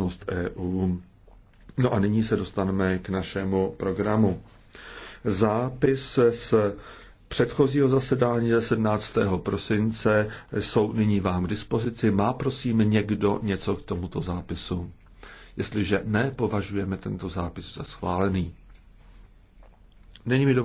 budoucnost EU. No a nyní se dostaneme k našemu programu. Zápis z předchozího zasedání ze 17. prosince jsou nyní vám k dispozici. Má prosím někdo něco k tomuto zápisu? Jestliže ne, považujeme tento zápis za schválený. Není mi dovolený.